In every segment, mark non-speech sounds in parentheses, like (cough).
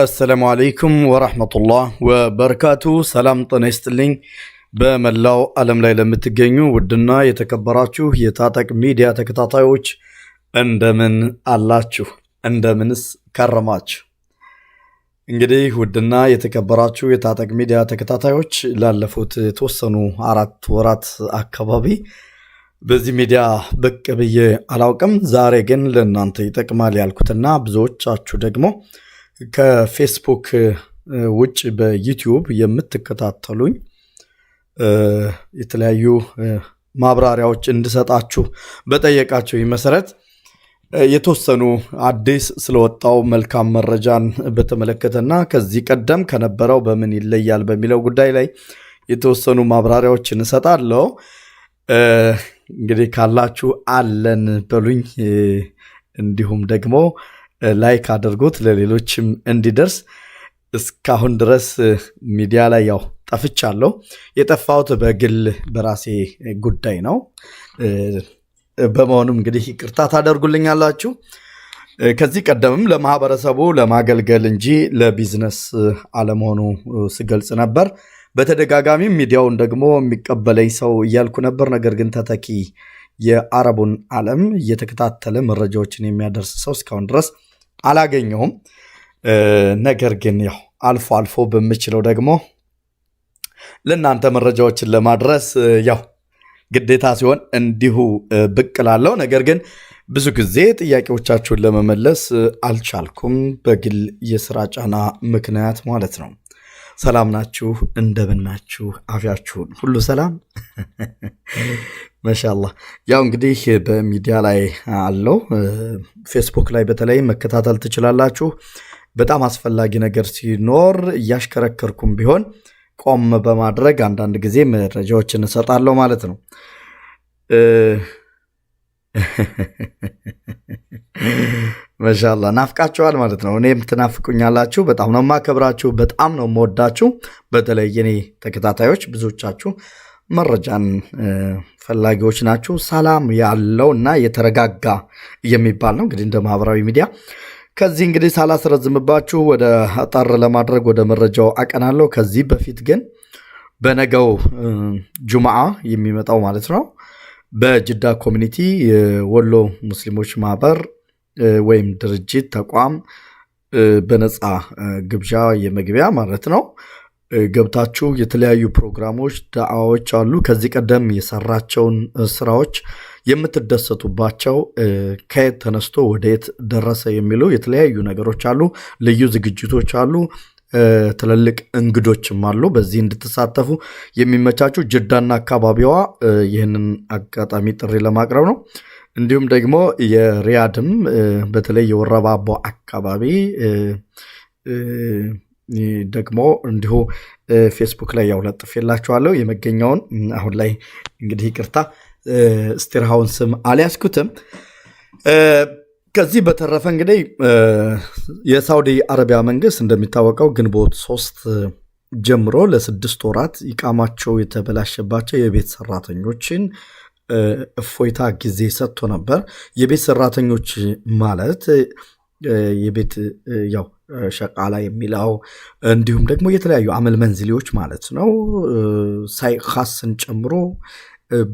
አሰላሙ አለይኩም ወራህመቱላህ ወበረካቱ። ሰላም ጤና ይስጥልኝ። በመላው ዓለም ላይ ለምትገኙ ውድና የተከበራችሁ የታጠቅ ሚዲያ ተከታታዮች እንደምን አላችሁ? እንደምንስ ከረማችሁ? እንግዲህ ውድና የተከበራችሁ የታጠቅ ሚዲያ ተከታታዮች ላለፉት የተወሰኑ አራት ወራት አካባቢ በዚህ ሚዲያ ብቅ ብዬ አላውቅም። ዛሬ ግን ለእናንተ ይጠቅማል ያልኩትና ብዙዎቻችሁ ደግሞ ከፌስቡክ ውጭ በዩቲዩብ የምትከታተሉኝ የተለያዩ ማብራሪያዎች እንድሰጣችሁ በጠየቃችሁ መሰረት የተወሰኑ አዲስ ስለወጣው መልካም መረጃን በተመለከተና ከዚህ ቀደም ከነበረው በምን ይለያል በሚለው ጉዳይ ላይ የተወሰኑ ማብራሪያዎችን እሰጣለሁ። እንግዲህ ካላችሁ አለን በሉኝ። እንዲሁም ደግሞ ላይክ አድርጎት ለሌሎችም እንዲደርስ እስካሁን ድረስ ሚዲያ ላይ ያው ጠፍቻለሁ። የጠፋሁት በግል በራሴ ጉዳይ ነው። በመሆኑም እንግዲህ ይቅርታ ታደርጉልኛላችሁ። ከዚህ ቀደምም ለማህበረሰቡ ለማገልገል እንጂ ለቢዝነስ አለመሆኑ ስገልጽ ነበር። በተደጋጋሚ ሚዲያውን ደግሞ የሚቀበለኝ ሰው እያልኩ ነበር። ነገር ግን ተተኪ የአረቡን ዓለም እየተከታተለ መረጃዎችን የሚያደርስ ሰው እስካሁን ድረስ አላገኘውም ነገር ግን ያው አልፎ አልፎ በምችለው ደግሞ ለእናንተ መረጃዎችን ለማድረስ ያው ግዴታ ሲሆን እንዲሁ ብቅ ላለው ነገር ግን ብዙ ጊዜ ጥያቄዎቻችሁን ለመመለስ አልቻልኩም፣ በግል የስራ ጫና ምክንያት ማለት ነው። ሰላም ናችሁ? እንደምናችሁ? አፊያችሁን ሁሉ ሰላም መሻላ ያው እንግዲህ በሚዲያ ላይ አለው ፌስቡክ ላይ በተለይ መከታተል ትችላላችሁ። በጣም አስፈላጊ ነገር ሲኖር እያሽከረከርኩም ቢሆን ቆም በማድረግ አንዳንድ ጊዜ መረጃዎችን እሰጣለሁ ማለት ነው። መሻላ ናፍቃችኋል ማለት ነው። እኔም ትናፍቁኛላችሁ። በጣም ነው የማከብራችሁ፣ በጣም ነው የምወዳችሁ። በተለይ እኔ ተከታታዮች ብዙዎቻችሁ መረጃን ፈላጊዎች ናችሁ። ሰላም ያለው እና የተረጋጋ የሚባል ነው እንግዲህ እንደ ማህበራዊ ሚዲያ። ከዚህ እንግዲህ ሳላስረዝምባችሁ ወደ አጠር ለማድረግ ወደ መረጃው አቀናለሁ። ከዚህ በፊት ግን በነገው ጁምአ የሚመጣው ማለት ነው በጅዳ ኮሚኒቲ የወሎ ሙስሊሞች ማህበር ወይም ድርጅት ተቋም በነፃ ግብዣ የመግቢያ ማለት ነው ገብታችሁ የተለያዩ ፕሮግራሞች፣ ዳአዎች አሉ። ከዚህ ቀደም የሰራቸውን ስራዎች የምትደሰቱባቸው ከየት ተነስቶ ወደ የት ደረሰ የሚሉ የተለያዩ ነገሮች አሉ። ልዩ ዝግጅቶች አሉ። ትልልቅ እንግዶችም አሉ። በዚህ እንድትሳተፉ የሚመቻችሁ ጅዳና አካባቢዋ ይህንን አጋጣሚ ጥሪ ለማቅረብ ነው። እንዲሁም ደግሞ የሪያድም በተለይ የወረባቦ አካባቢ ደግሞ እንዲሁ ፌስቡክ ላይ ያው ለጥፌላችኋለሁ የመገኛውን። አሁን ላይ እንግዲህ ይቅርታ ስቲርሃውን ስም አልያዝኩትም። ከዚህ በተረፈ እንግዲህ የሳውዲ አረቢያ መንግስት እንደሚታወቀው ግንቦት ሶስት ጀምሮ ለስድስት ወራት ይቃማቸው የተበላሸባቸው የቤት ሰራተኞችን እፎይታ ጊዜ ሰጥቶ ነበር። የቤት ሰራተኞች ማለት የቤት ያው ሸቃላ የሚለው እንዲሁም ደግሞ የተለያዩ አመል መንዝሌዎች ማለት ነው ሳይካስን ጨምሮ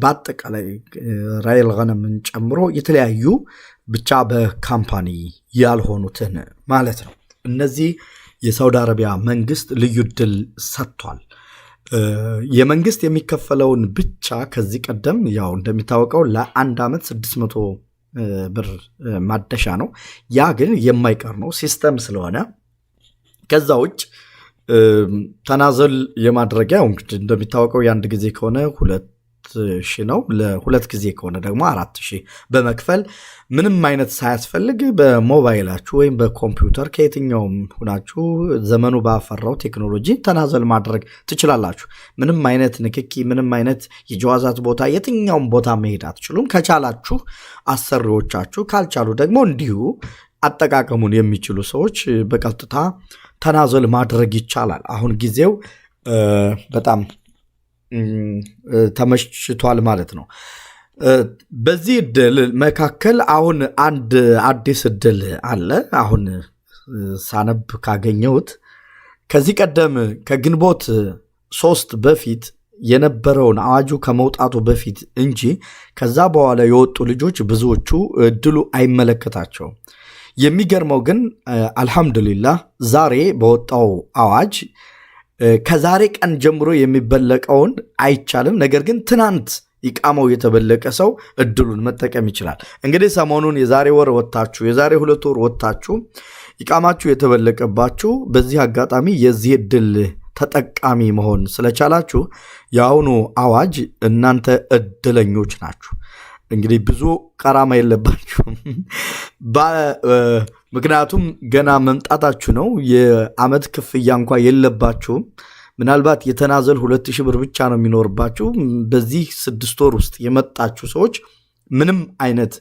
በአጠቃላይ ራይል ገነምን ጨምሮ የተለያዩ ብቻ በካምፓኒ ያልሆኑትን ማለት ነው። እነዚህ የሳውዲ አረቢያ መንግስት ልዩ እድል ሰጥቷል። የመንግስት የሚከፈለውን ብቻ ከዚህ ቀደም ያው እንደሚታወቀው ለአንድ ዓመት 600 ብር ማደሻ ነው። ያ ግን የማይቀር ነው ሲስተም ስለሆነ ከዛ ውጭ ተናዘል የማድረጊያ እንደሚታወቀው የአንድ ጊዜ ከሆነ ሁለት ሺህ ነው። ለሁለት ጊዜ ከሆነ ደግሞ አራት ሺህ በመክፈል ምንም አይነት ሳያስፈልግ በሞባይላችሁ ወይም በኮምፒውተር ከየትኛውም ሁናችሁ ዘመኑ ባፈራው ቴክኖሎጂ ተናዘል ማድረግ ትችላላችሁ። ምንም አይነት ንክኪ፣ ምንም አይነት የጀዋዛት ቦታ የትኛውም ቦታ መሄድ አትችሉም። ከቻላችሁ አሰሪዎቻችሁ፣ ካልቻሉ ደግሞ እንዲሁ አጠቃቀሙን የሚችሉ ሰዎች በቀጥታ ተናዘል ማድረግ ይቻላል። አሁን ጊዜው በጣም ተመሽቷል ማለት ነው። በዚህ እድል መካከል አሁን አንድ አዲስ እድል አለ። አሁን ሳነብ ካገኘሁት ከዚህ ቀደም ከግንቦት ሶስት በፊት የነበረውን አዋጁ ከመውጣቱ በፊት እንጂ ከዛ በኋላ የወጡ ልጆች ብዙዎቹ እድሉ አይመለከታቸውም። የሚገርመው ግን አልሐምዱሊላህ ዛሬ በወጣው አዋጅ ከዛሬ ቀን ጀምሮ የሚበለቀውን አይቻልም። ነገር ግን ትናንት ይቃመው የተበለቀ ሰው እድሉን መጠቀም ይችላል። እንግዲህ ሰሞኑን የዛሬ ወር ወጥታችሁ የዛሬ ሁለት ወር ወጥታችሁ ይቃማችሁ የተበለቀባችሁ በዚህ አጋጣሚ የዚህ እድል ተጠቃሚ መሆን ስለቻላችሁ የአሁኑ አዋጅ እናንተ እድለኞች ናችሁ። እንግዲህ ብዙ ቀራማ የለባችሁም። (laughs) ምክንያቱም ገና መምጣታችሁ ነው። የአመት ክፍያ እንኳ የለባችሁም። ምናልባት የተናዘል ሁለት ሺህ ብር ብቻ ነው የሚኖርባችሁ። በዚህ ስድስት ወር ውስጥ የመጣችሁ ሰዎች ምንም አይነት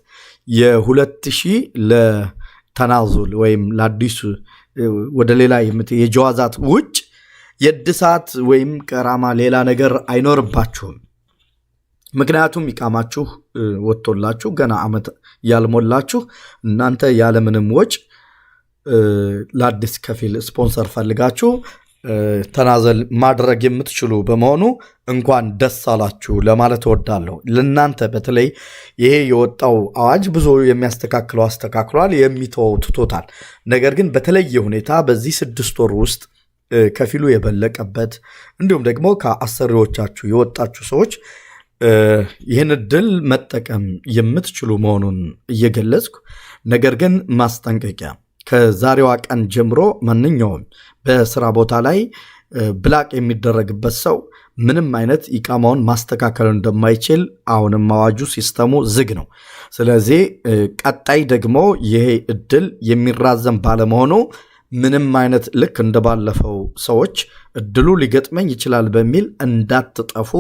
የሁለት ሺህ ለተናዙል ወይም ለአዲሱ ወደ ሌላ የጀዋዛት ውጭ የእድሳት ወይም ቀራማ ሌላ ነገር አይኖርባችሁም። ምክንያቱም ይቃማችሁ ወጥቶላችሁ ገና ዓመት ያልሞላችሁ እናንተ ያለምንም ወጭ ለአዲስ ከፊል ስፖንሰር ፈልጋችሁ ተናዘል ማድረግ የምትችሉ በመሆኑ እንኳን ደስ አላችሁ ለማለት እወዳለሁ። ለእናንተ በተለይ ይሄ የወጣው አዋጅ ብዙ የሚያስተካክለው አስተካክሏል፣ የሚተወው ትቶታል። ነገር ግን በተለየ ሁኔታ በዚህ ስድስት ወር ውስጥ ከፊሉ የበለቀበት እንዲሁም ደግሞ ከአሰሪዎቻችሁ የወጣችሁ ሰዎች ይህን እድል መጠቀም የምትችሉ መሆኑን እየገለጽኩ ነገር ግን ማስጠንቀቂያ ከዛሬዋ ቀን ጀምሮ ማንኛውም በስራ ቦታ ላይ ብላቅ የሚደረግበት ሰው ምንም አይነት ኢቃማውን ማስተካከል እንደማይችል አሁንም አዋጁ ሲስተሙ ዝግ ነው። ስለዚህ ቀጣይ ደግሞ ይሄ እድል የሚራዘም ባለመሆኑ ምንም አይነት ልክ እንደባለፈው ሰዎች እድሉ ሊገጥመኝ ይችላል በሚል እንዳትጠፉ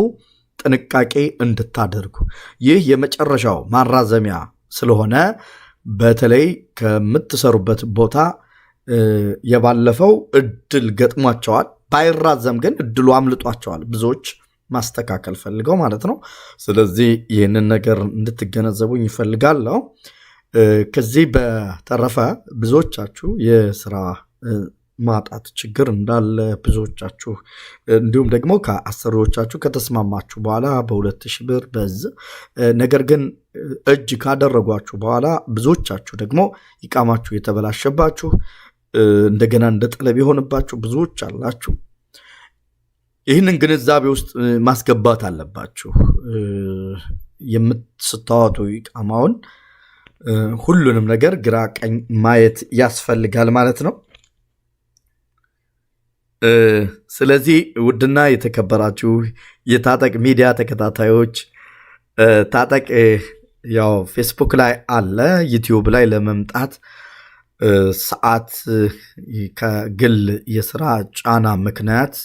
ጥንቃቄ እንድታደርጉ ይህ የመጨረሻው ማራዘሚያ ስለሆነ በተለይ ከምትሰሩበት ቦታ የባለፈው እድል ገጥሟቸዋል። ባይራዘም ግን እድሉ አምልጧቸዋል ብዙዎች ማስተካከል ፈልገው ማለት ነው። ስለዚህ ይህንን ነገር እንድትገነዘቡኝ ይፈልጋለሁ። ከዚህ በተረፈ ብዙዎቻችሁ የስራ ማጣት ችግር እንዳለ ብዙዎቻችሁ እንዲሁም ደግሞ ከአሰሪዎቻችሁ ከተስማማችሁ በኋላ በሁለት ሺህ ብር በዝ ነገር ግን እጅ ካደረጓችሁ በኋላ ብዙዎቻችሁ ደግሞ ይቃማችሁ የተበላሸባችሁ እንደገና እንደ ጠለብ የሆነባችሁ ብዙዎች አላችሁ። ይህንን ግንዛቤ ውስጥ ማስገባት አለባችሁ። የምትስታወቱ ይቃማውን ሁሉንም ነገር ግራ ቀኝ ማየት ያስፈልጋል ማለት ነው። ስለዚህ ውድና የተከበራችሁ የታጠቅ ሚዲያ ተከታታዮች ታጠቅ ያው ፌስቡክ ላይ አለ። ዩቲዩብ ላይ ለመምጣት ሰዓት ከግል የስራ ጫና ምክንያት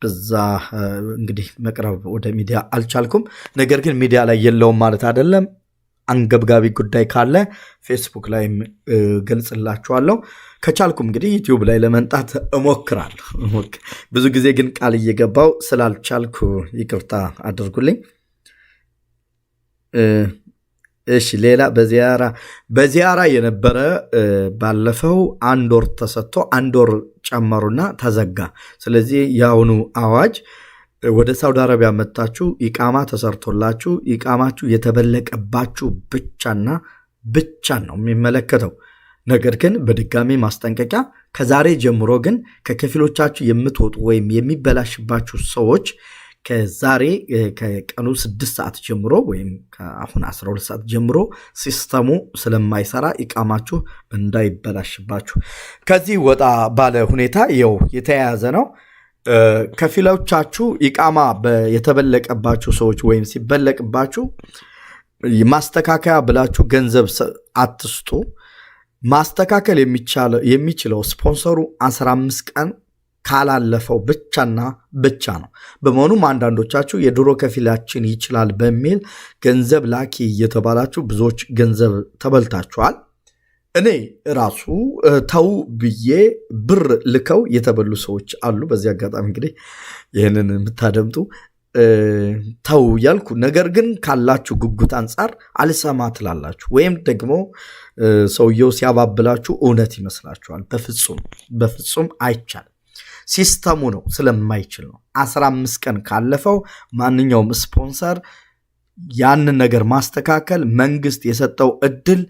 በዛ እንግዲህ መቅረብ ወደ ሚዲያ አልቻልኩም። ነገር ግን ሚዲያ ላይ የለውም ማለት አይደለም። አንገብጋቢ ጉዳይ ካለ ፌስቡክ ላይ ገልጽላችኋለሁ። ከቻልኩም እንግዲህ ዩቲዩብ ላይ ለመንጣት እሞክራለሁ። ብዙ ጊዜ ግን ቃል እየገባው ስላልቻልኩ ይቅርታ አድርጉልኝ። እሺ፣ ሌላ በዚያራ በዚያራ የነበረ ባለፈው አንድ ወር ተሰጥቶ አንድ ወር ጨመሩና ተዘጋ። ስለዚህ የአሁኑ አዋጅ ወደ ሳውዲ አረቢያ መጥታችሁ ኢቃማ ተሰርቶላችሁ ኢቃማችሁ የተበለቀባችሁ ብቻና ብቻ ነው የሚመለከተው። ነገር ግን በድጋሚ ማስጠንቀቂያ፣ ከዛሬ ጀምሮ ግን ከከፊሎቻችሁ የምትወጡ ወይም የሚበላሽባችሁ ሰዎች ከዛሬ ከቀኑ ስድስት ሰዓት ጀምሮ ወይም ከአሁን 12 ሰዓት ጀምሮ ሲስተሙ ስለማይሰራ ኢቃማችሁ እንዳይበላሽባችሁ ከዚህ ወጣ ባለ ሁኔታ ይኸው የተያያዘ ነው። ከፊሎቻችሁ ኢቃማ የተበለቀባችሁ ሰዎች ወይም ሲበለቅባችሁ ማስተካከያ ብላችሁ ገንዘብ አትስጡ። ማስተካከል የሚችለው ስፖንሰሩ 15 ቀን ካላለፈው ብቻና ብቻ ነው። በመሆኑም አንዳንዶቻችሁ የድሮ ከፊላችን ይችላል በሚል ገንዘብ ላኪ እየተባላችሁ ብዙዎች ገንዘብ ተበልታችኋል። እኔ ራሱ ተው ብዬ ብር ልከው የተበሉ ሰዎች አሉ። በዚህ አጋጣሚ እንግዲህ ይህንን የምታደምጡ ተው ያልኩ ነገር ግን ካላችሁ ጉጉት አንጻር አልሰማ ትላላችሁ፣ ወይም ደግሞ ሰውየው ሲያባብላችሁ እውነት ይመስላችኋል። በፍጹም በፍጹም አይቻልም። ሲስተሙ ነው ስለማይችል ነው። አስራ አምስት ቀን ካለፈው ማንኛውም ስፖንሰር ያንን ነገር ማስተካከል መንግስት የሰጠው እድል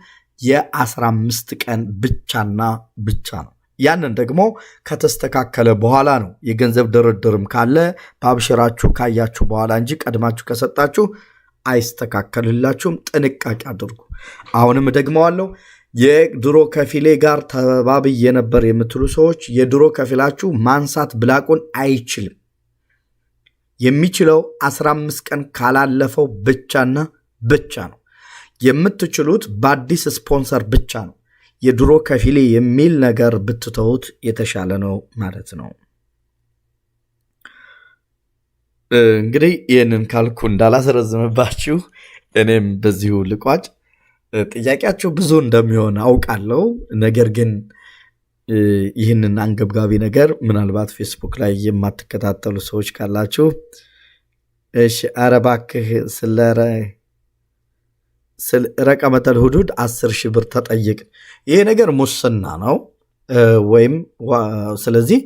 የ15 ቀን ብቻና ብቻ ነው። ያንን ደግሞ ከተስተካከለ በኋላ ነው። የገንዘብ ድርድርም ካለ በአብሽራችሁ ካያችሁ በኋላ እንጂ ቀድማችሁ ከሰጣችሁ አይስተካከልላችሁም። ጥንቃቄ አድርጉ። አሁንም ደግመዋለሁ። የድሮ ከፊሌ ጋር ተባብዬ ነበር የምትሉ ሰዎች የድሮ ከፊላችሁ ማንሳት ብላቁን አይችልም። የሚችለው 15 ቀን ካላለፈው ብቻና ብቻ ነው። የምትችሉት በአዲስ ስፖንሰር ብቻ ነው። የድሮ ከፊሌ የሚል ነገር ብትተውት የተሻለ ነው ማለት ነው። እንግዲህ ይህንን ካልኩ እንዳላስረዝምባችሁ እኔም በዚሁ ልቋጭ። ጥያቄያቸው ብዙ እንደሚሆን አውቃለሁ። ነገር ግን ይህንን አንገብጋቢ ነገር ምናልባት ፌስቡክ ላይ የማትከታተሉ ሰዎች ካላችሁ እሺ፣ ኧረ እባክህ ስለ ረቀመተል ሁዱድ አስር ሺህ ብር ተጠይቅ። ይሄ ነገር ሙስና ነው ወይም ስለዚህ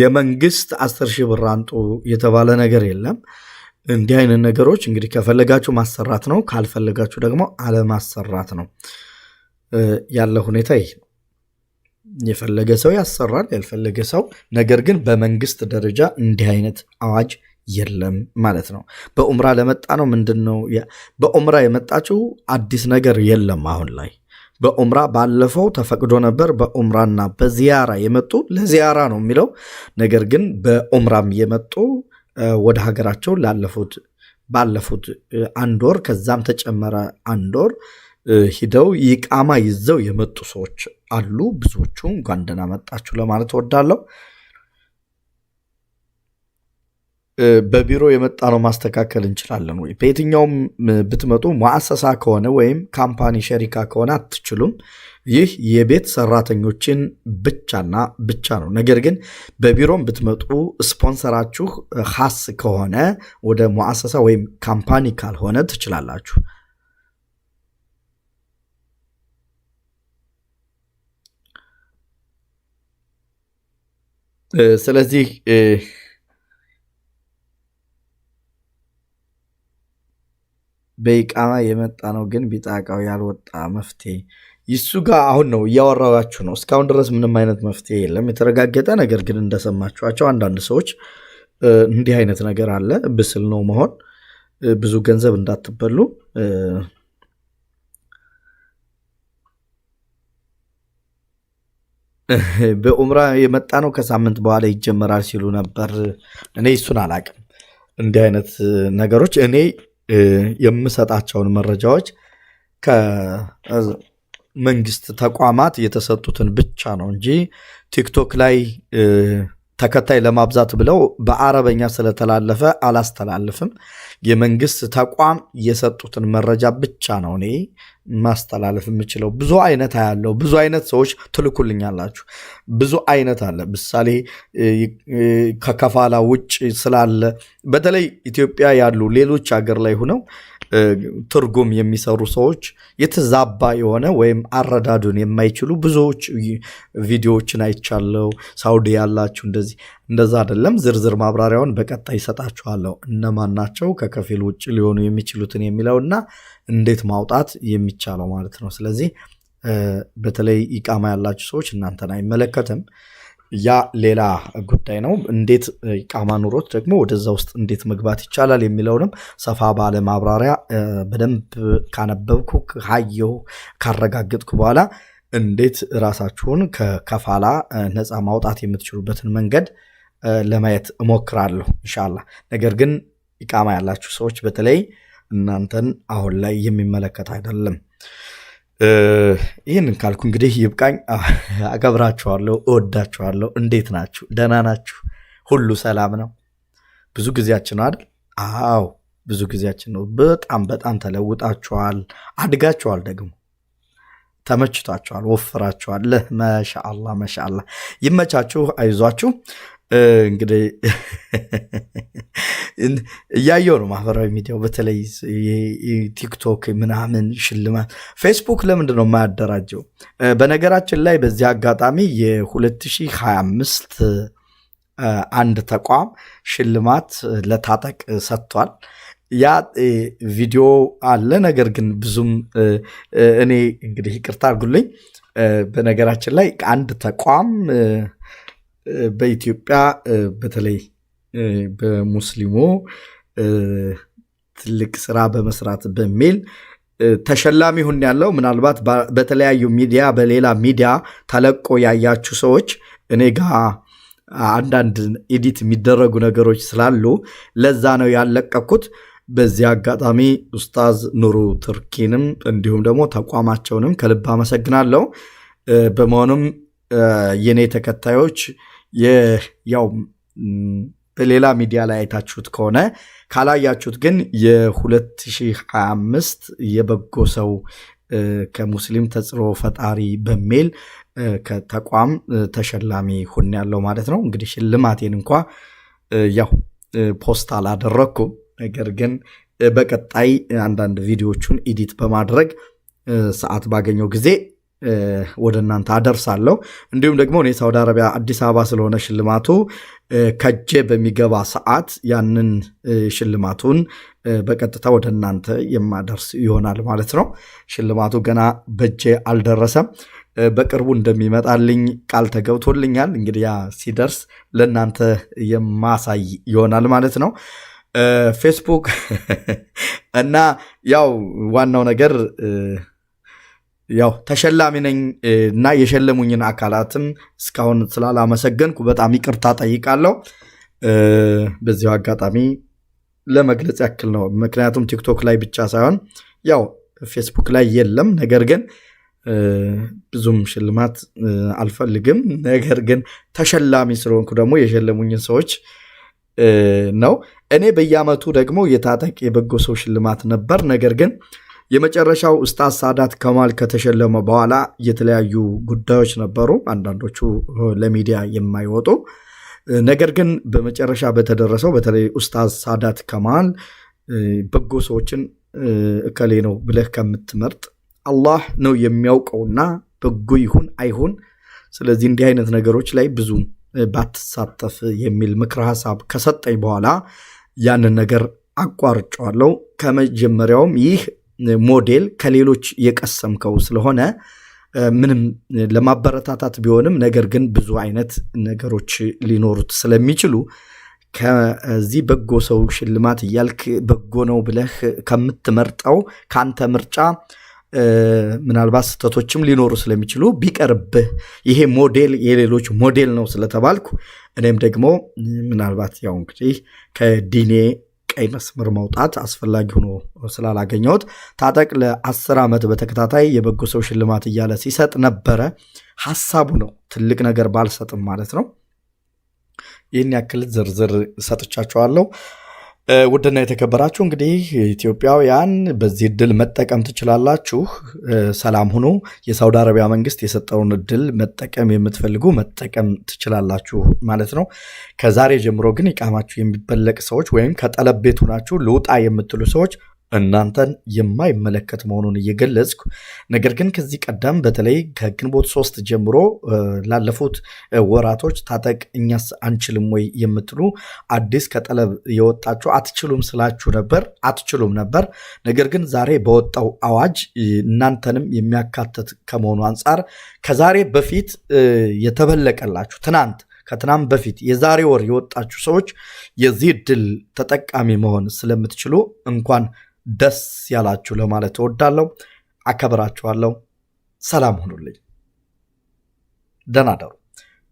የመንግስት አስር ሺህ ብር አንጡ የተባለ ነገር የለም። እንዲህ አይነት ነገሮች እንግዲህ ከፈለጋችሁ ማሰራት ነው፣ ካልፈለጋችሁ ደግሞ አለማሰራት ነው። ያለ ሁኔታ ይህ ነው። የፈለገ ሰው ያሰራል፣ ያልፈለገ ሰው ነገር ግን በመንግስት ደረጃ እንዲህ አይነት አዋጅ የለም ማለት ነው። በኡምራ ለመጣ ነው ምንድን ነው በኡምራ የመጣችው አዲስ ነገር የለም አሁን ላይ በኡምራ ባለፈው ተፈቅዶ ነበር። በኡምራና በዚያራ የመጡ ለዚያራ ነው የሚለው ነገር ግን በኡምራም የመጡ ወደ ሀገራቸው ላለፉት ባለፉት አንድ ወር ከዛም ተጨመረ አንድ ወር ሂደው ይቃማ ይዘው የመጡ ሰዎች አሉ። ብዙዎቹ እንኳን ደህና መጣችሁ ለማለት እወዳለሁ። በቢሮ የመጣ ነው ማስተካከል እንችላለን ወይ? በየትኛውም ብትመጡ ሙአሰሳ ከሆነ ወይም ካምፓኒ ሸሪካ ከሆነ አትችሉም። ይህ የቤት ሰራተኞችን ብቻና ብቻ ነው። ነገር ግን በቢሮም ብትመጡ ስፖንሰራችሁ ሀስ ከሆነ ወደ ሙአሰሳ ወይም ካምፓኒ ካልሆነ ትችላላችሁ። ስለዚህ በኢቃማ የመጣ ነው ግን ቢጣቃው ያልወጣ መፍትሄ ይሱ ጋር አሁን ነው እያወራችሁ ነው። እስካሁን ድረስ ምንም አይነት መፍትሄ የለም የተረጋገጠ። ነገር ግን እንደሰማችኋቸው አንዳንድ ሰዎች እንዲህ አይነት ነገር አለ፣ ብስል ነው መሆን፣ ብዙ ገንዘብ እንዳትበሉ በኡምራ የመጣ ነው ከሳምንት በኋላ ይጀመራል ሲሉ ነበር። እኔ እሱን አላቅም። እንዲህ አይነት ነገሮች እኔ የምሰጣቸውን መረጃዎች ከመንግስት ተቋማት የተሰጡትን ብቻ ነው እንጂ ቲክቶክ ላይ ተከታይ ለማብዛት ብለው በአረበኛ ስለተላለፈ አላስተላልፍም። የመንግስት ተቋም የሰጡትን መረጃ ብቻ ነው እኔ ማስተላለፍ የምችለው። ብዙ አይነት ያለው ብዙ አይነት ሰዎች ትልኩልኛላችሁ። ብዙ አይነት አለ። ምሳሌ ከከፋላ ውጭ ስላለ በተለይ ኢትዮጵያ ያሉ ሌሎች ሀገር ላይ ሆነው ትርጉም የሚሰሩ ሰዎች የተዛባ የሆነ ወይም አረዳዱን የማይችሉ ብዙዎች ቪዲዮዎችን አይቻለው። ሳውዲ ያላችሁ እንደዚህ እንደዛ አይደለም። ዝርዝር ማብራሪያውን በቀጣይ ይሰጣችኋለሁ። እነማን ናቸው ከከፊል ውጭ ሊሆኑ የሚችሉትን እና እንዴት ማውጣት የሚቻለው ማለት ነው። ስለዚህ በተለይ ኢቃማ ያላችሁ ሰዎች እናንተን አይመለከትም። ያ ሌላ ጉዳይ ነው። እንዴት ቃማ ኑሮት ደግሞ ወደዛ ውስጥ እንዴት መግባት ይቻላል የሚለውንም ሰፋ ባለ ማብራሪያ በደንብ ካነበብኩ ካየሁ ካረጋገጥኩ በኋላ እንዴት ራሳችሁን ከከፋላ ነፃ ማውጣት የምትችሉበትን መንገድ ለማየት እሞክራለሁ እንሻላ። ነገር ግን ኢቃማ ያላችሁ ሰዎች በተለይ እናንተን አሁን ላይ የሚመለከት አይደለም። ይህንን ካልኩ እንግዲህ ይብቃኝ። አከብራችኋለሁ፣ እወዳችኋለሁ። እንዴት ናችሁ? ደህና ናችሁ? ሁሉ ሰላም ነው? ብዙ ጊዜያችን ነው አይደል? አዎ ብዙ ጊዜያችን ነው። በጣም በጣም ተለውጣችኋል፣ አድጋችኋል፣ ደግሞ ተመችቷችኋል፣ ወፍራችኋል። መሻአላ መሻአላ። ይመቻችሁ፣ አይዟችሁ እንግዲህ (laughs) እያየው ነው ማህበራዊ ሚዲያው በተለይ ቲክቶክ ምናምን ሽልማት። ፌስቡክ ለምንድን ነው የማያደራጀው? በነገራችን ላይ በዚህ አጋጣሚ የ2025 አንድ ተቋም ሽልማት ለታጠቅ ሰጥቷል። ያ ቪዲዮ አለ። ነገር ግን ብዙም እኔ እንግዲህ ይቅርታ አድርጉልኝ። በነገራችን ላይ አንድ ተቋም በኢትዮጵያ በተለይ በሙስሊሙ ትልቅ ስራ በመስራት በሚል ተሸላሚ ሁን ያለው ምናልባት በተለያዩ ሚዲያ በሌላ ሚዲያ ተለቆ ያያችሁ ሰዎች እኔ ጋ አንዳንድ ኤዲት የሚደረጉ ነገሮች ስላሉ ለዛ ነው ያለቀኩት። በዚህ አጋጣሚ ኡስታዝ ኑሩ ትርኪንም እንዲሁም ደግሞ ተቋማቸውንም ከልብ አመሰግናለሁ። በመሆኑም የእኔ ተከታዮች ያው ሌላ ሚዲያ ላይ አይታችሁት ከሆነ ካላያችሁት ግን የ2025 የበጎ ሰው ከሙስሊም ተጽዕኖ ፈጣሪ በሚል ከተቋም ተሸላሚ ሁን ያለው ማለት ነው። እንግዲህ ሽልማቴን እንኳ ያው ፖስት አላደረግኩም። ነገር ግን በቀጣይ አንዳንድ ቪዲዮዎቹን ኢዲት በማድረግ ሰዓት ባገኘው ጊዜ ወደ እናንተ አደርሳለሁ። እንዲሁም ደግሞ እኔ ሳውዲ አረቢያ አዲስ አበባ ስለሆነ ሽልማቱ ከጄ በሚገባ ሰዓት ያንን ሽልማቱን በቀጥታ ወደ እናንተ የማደርስ ይሆናል ማለት ነው። ሽልማቱ ገና በጄ አልደረሰም። በቅርቡ እንደሚመጣልኝ ቃል ተገብቶልኛል። እንግዲህ ያ ሲደርስ ለእናንተ የማሳይ ይሆናል ማለት ነው። ፌስቡክ (laughs) እና ያው ዋናው ነገር ያው ተሸላሚ ነኝ እና የሸለሙኝን አካላትም እስካሁን ስላላመሰገንኩ በጣም ይቅርታ ጠይቃለሁ። በዚሁ አጋጣሚ ለመግለጽ ያክል ነው። ምክንያቱም ቲክቶክ ላይ ብቻ ሳይሆን ያው ፌስቡክ ላይ የለም። ነገር ግን ብዙም ሽልማት አልፈልግም። ነገር ግን ተሸላሚ ስለሆንኩ ደግሞ የሸለሙኝን ሰዎች ነው። እኔ በየዓመቱ ደግሞ የታጠቅ የበጎ ሰው ሽልማት ነበር። ነገር ግን የመጨረሻው ኡስታዝ ሳዳት ከማል ከተሸለመ በኋላ የተለያዩ ጉዳዮች ነበሩ፣ አንዳንዶቹ ለሚዲያ የማይወጡ ነገር ግን በመጨረሻ በተደረሰው በተለይ ኡስታዝ ሳዳት ከማል በጎ ሰዎችን እከሌ ነው ብለህ ከምትመርጥ አላህ ነው የሚያውቀውና በጎ ይሁን አይሁን፣ ስለዚህ እንዲህ አይነት ነገሮች ላይ ብዙ ባትሳተፍ የሚል ምክረ ሀሳብ ከሰጠኝ በኋላ ያንን ነገር አቋርጨዋለሁ። ከመጀመሪያውም ይህ ሞዴል ከሌሎች የቀሰምከው ስለሆነ ምንም ለማበረታታት ቢሆንም ነገር ግን ብዙ አይነት ነገሮች ሊኖሩት ስለሚችሉ ከዚህ በጎ ሰው ሽልማት እያልክ በጎ ነው ብለህ ከምትመርጠው ከአንተ ምርጫ ምናልባት ስህተቶችም ሊኖሩ ስለሚችሉ ቢቀርብህ ይሄ ሞዴል የሌሎች ሞዴል ነው ስለተባልኩ እኔም ደግሞ ምናልባት ያው እንግዲህ ከዲኔ ቀይ መስመር መውጣት አስፈላጊ ሆኖ ስላላገኘሁት ታጠቅ ለአስር ዓመት በተከታታይ የበጎ ሰው ሽልማት እያለ ሲሰጥ ነበረ። ሀሳቡ ነው ትልቅ ነገር ባልሰጥም ማለት ነው። ይህን ያክል ዝርዝር ሰጥቻቸዋለሁ። ውድና የተከበራችሁ እንግዲህ ኢትዮጵያውያን በዚህ እድል መጠቀም ትችላላችሁ። ሰላም ሁኑ። የሳውዲ አረቢያ መንግስት የሰጠውን እድል መጠቀም የምትፈልጉ መጠቀም ትችላላችሁ ማለት ነው። ከዛሬ ጀምሮ ግን ኢቃማችሁ የሚበለቅ ሰዎች ወይም ከጠለብ ቤት ልውጣ የምትሉ ሰዎች እናንተን የማይመለከት መሆኑን እየገለጽኩ ነገር ግን ከዚህ ቀደም በተለይ ከግንቦት ሶስት ጀምሮ ላለፉት ወራቶች ታጠቅ እኛስ አንችልም ወይ የምትሉ አዲስ ከጠለብ የወጣችሁ አትችሉም ስላችሁ ነበር፣ አትችሉም ነበር። ነገር ግን ዛሬ በወጣው አዋጅ እናንተንም የሚያካትት ከመሆኑ አንጻር ከዛሬ በፊት የተበለቀላችሁ ትናንት ከትናም በፊት የዛሬ ወር የወጣችሁ ሰዎች የዚህ ድል ተጠቃሚ መሆን ስለምትችሉ እንኳን ደስ ያላችሁ ለማለት እወዳለሁ። አከብራችኋለሁ። ሰላም ሁኑልኝ። ደህና ደሩ።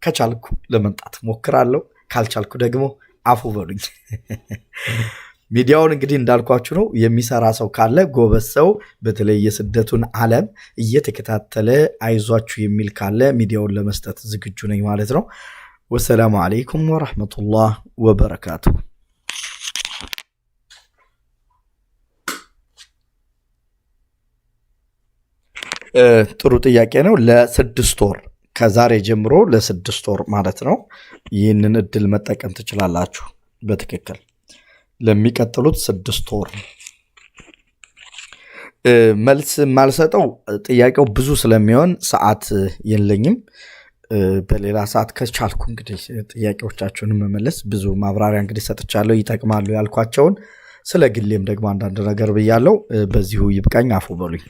ከቻልኩ ለመምጣት ሞክራለሁ። ካልቻልኩ ደግሞ አፉ በሉኝ። (laughs) ሚዲያውን እንግዲህ እንዳልኳችሁ ነው። የሚሰራ ሰው ካለ ጎበዝ ሰው በተለይ የስደቱን ዓለም እየተከታተለ አይዟችሁ የሚል ካለ ሚዲያውን ለመስጠት ዝግጁ ነኝ ማለት ነው። ወሰላሙ አሌይኩም ወረሕመቱላህ ወበረካቱ። ጥሩ ጥያቄ ነው። ለስድስት ወር ከዛሬ ጀምሮ ለስድስት ወር ማለት ነው። ይህንን እድል መጠቀም ትችላላችሁ። በትክክል ለሚቀጥሉት ስድስት ወር መልስ የማልሰጠው ጥያቄው ብዙ ስለሚሆን ሰዓት የለኝም። በሌላ ሰዓት ከቻልኩ እንግዲህ ጥያቄዎቻችሁን መመለስ ብዙ ማብራሪያ እንግዲህ ሰጥቻለሁ። ይጠቅማሉ ያልኳቸውን ስለ ግሌም ደግሞ አንዳንድ ነገር ብያለው። በዚሁ ይብቃኝ። አፉ በሉኝ።